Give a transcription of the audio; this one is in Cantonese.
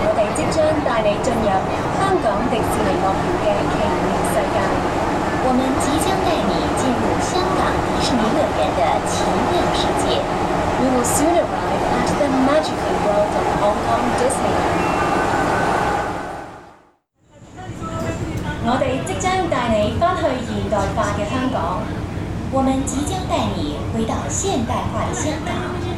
我哋即將帶你進入香港迪士尼樂園嘅奇妙世界。我們即將帶你進入香港迪士尼樂園的奇妙世界。We will soon arrive at the magical world of Hong Kong Disney. 我哋即將帶你翻去現代化嘅香港。我們即將帶你回到現代化嘅香港。